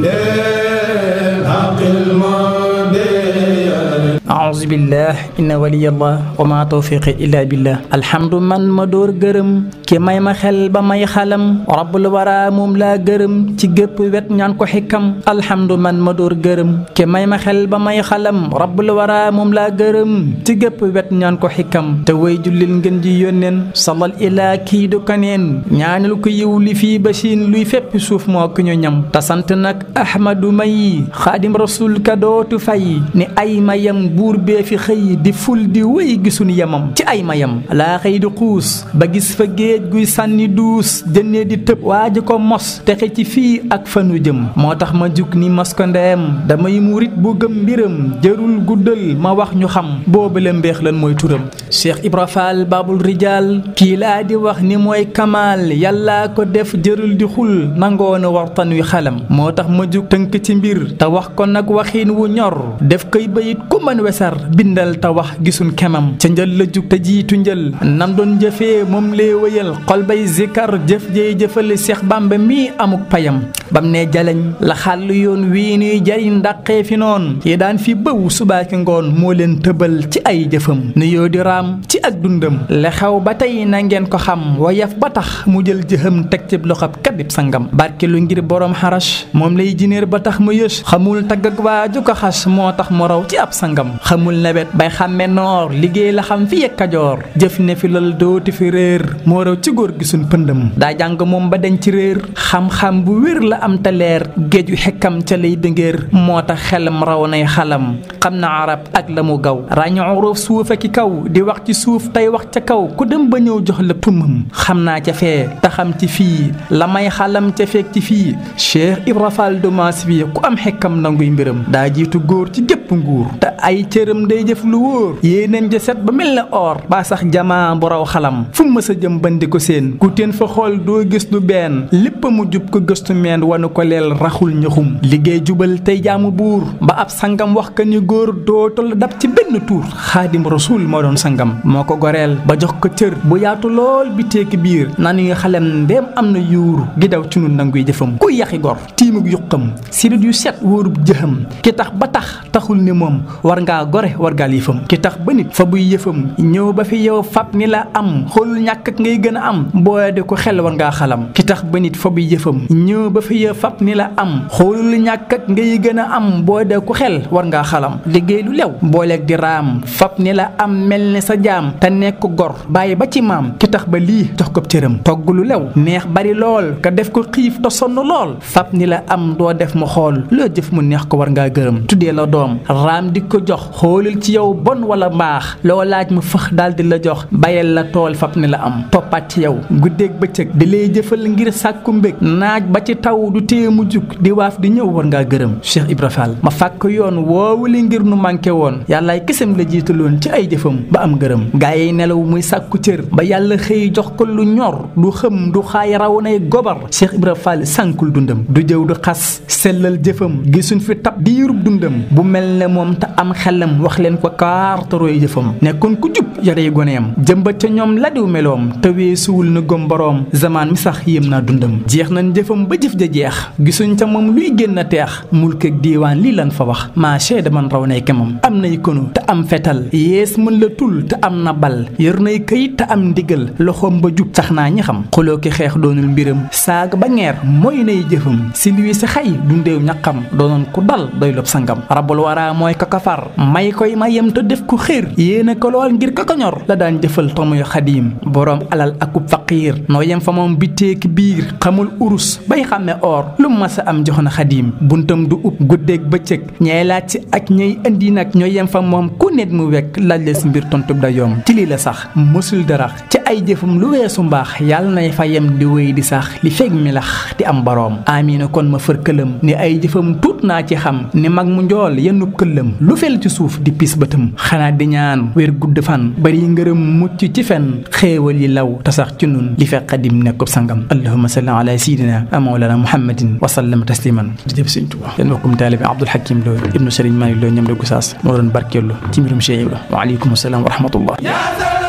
la aouzu billah inna waliyallah wa ma tawfiqi illa billah alhamdu man ma door gërëm ki may ma xel ba may xalam rabbul wara moom laa gërëm ci gépp wet ñaan ko xikam alhamdu man ma door gërëm ki may ma xel ba may xalam rabbul wara moom laa gërëm ci gépp wet ñaan ko xikam te way jullil ngeen ji yónneen salal ilaa kii du kaneen ñaanal ko yiw li fii ba siin luy fépp suuf moo ko ñu ñam te nag ahmadu may xaadim rasul ka dootu fay ni ay mayam buur bee fi xëy di ful di wéy gisuñu yemam ci ay mayam laa xëy di xuus ba gis fa géej guy sànni duus jënnee di tëb waa ji ko mos texe ci fii ak fanu jëm moo tax ma jug ni mos ko ndeem damay murit bu gëm mbiram jërul guddal ma wax ñu xam boobale mbeex lan mooy turam Cheikh Ibra baabul Babul Rijal kii laa di wax ni mooy kamaal yàlla ko def jërul di xul nangoona wartan wi xalam moo tax ma jug tënk ci mbir te wax ko nag waxiin wu ñor def koy bayit ku bindal te wax gisun kemam ca njël la jug te jiitu njël nam doon jëfee moom lay wëyal xol bay zikar jëf jëy jëfale Seex Bàmba mi amuk payam bam ne jaleñ la xàll yoon wii nuy jariñ ndaqee fi noon yi daan fi bëw subaaki ngoon moo leen tëbal ci ay jëfam nu yoo di raam ci ak dundam le xew ba tey nangeen ko xam yaf ba tax mu jël jëxam teg ci loxob kabib sangam barke lu ngir borom xarash moom lay jinéer ba tax ma yësh xamul tagg ak waaju ko xas moo tax mu raw ci ab sangam xamul nawet bay xàmme noor liggéey la xam fi yekkajoor jëf ne fi lal dooti fi réer moo raw ci góor gi suñ pëndam daa jàng am te leer géeju xekkam ca lay dëngéer moo tax xelam raw nay xalam xam na arab ak la mu gaw ràññu uruf suuf ak kaw di wax ci suuf tey wax ca kaw ku dem ba ñëw jox la pëmam xam naa ca fee te xam ci fii la may xalam ca feek ci fii Cheikh Ibra Fall Dumaas bi ku am xekkam nanguy mbiram daa jiitu góor ci gépp nguur te ay cëram day jëf lu wóor yéeneen ja set ba mel na or baa sax jamaa bu raw xalam fu mës a jëm bandi ko seen ku teen fa xool doo gis du benn lépp mu ko gëstu meen wanu ko leel raxul ñaxum liggéey jubal tey jaamu buur ba ab sangam wax ka ni góor doo dootul dab ci benn tuur xaadim rasul moo doon sangam moo ko goreel ba jox ko cër bu yaatu lool bi teeki biir naa ni nga xalem ndeem am na yuuru gi daw ci nun nanguy jëfam kuy yaxi gor tiimug yuqam sidit yu set wóorub jëxam ki tax ba tax taxul ni moom war ngaa gore war ngaa liifam ki tax ba nit fa buy yëfam ñëw ba fi yow fab ni la am xoolul ñàkk ngay gën a am boo de ko xel war ngaa xalam ki ba nit fa buy yëfam ya fab ni la am xoolul ñàkk ak ngay gën am boo dee ku xel war ngaa xalam liggéey lu lew booleeg di raam fab ni la am mel ni sa jaam te nekk gor bàyyi ba ci maam ki tax ba lii jox ko cëram togg lu lew neex bari lool ka def ko xiif te sonn lool fab ni la am doo def mu xool loo jëf mu neex ko war ngaa gërëm tuddee la doom raam di ko jox xoolul ci yow bon wala mbaax loo laaj ma fëx daal di la jox bayal la tool fab ni la am toppaat ci yow guddeeg ba ci taw yow du téye mu jug di waaf di ñëw war ngaa gërëm Cheikh Ibra Fall ma fàkk yoon woowule ngir nu manqué woon yàllaay kisam la jiitaloon ci ay jëfam ba am gërëm gaaye nelaw muy sàkku cër ba yàlla xëy jox ko lu ñor du xëm du xaay raw nay gobar Cheikh Ibra Fall sànkul dundam du jëw du xas sellal jëfam gisuñ fi tab diirub dundam bu mel ne moom te am xelam wax leen ko kaartarooy jëfam nekkoon ku jub yarey goneem jëmbat ca ñoom la diw meloom te weesuwul na gom sax yéem naa jeex gisuñ ca moom luy génn teex mulk ak diiwaan lii lan fa wax maa seede man raw nay kemam am nay kono am fetal yées mën la tul te am na bal yor nay këyit te am ndigal loxoom ba jub sax naa ñi xam xuloo ki xeex doonul mbiram saag ba ngeer mooy nay jëfam si liwi si xay dundeew ñaqam doonoon ku dal doy lob sangam rabul waraa mooy kakafar may koy mayam te def ku xér yéena ko lool ngir kakañor la daan jëfal tomuy xadiim boroom alal akub faqiir nooyem fa moom bitteeki biir xamul urus bay xàmme or lu ma a am joxoon xadiim buntam du ub guddeeg ku nit mu wekk laaj la si mbir tontu dayoom ci lii la sax mësul darax ci ay jëfam lu weesu mbaax yàlla nay fa yem di wéy di sax li fekk mi lax di am boroom amina kon ma fër këlam ni ay jëfam tuut naa ci xam ni mag mu njool yenub këllam lu fel ci suuf di pis bëtam xanaa di ñaan wér gudd fan yi ngërëm mucc ci fen xéewal yi law te sax ci nun li fekk xadim nekkub sangam allahuma salli ala sayidina mawlana muhammadin wa sallam tasliman jëf sëñ Tuubaa seen mbokkum taalibe Abdul Hakim Lo ibnu Sëriñ Malick Lo ñoom de Gusaas moo doon barkeelu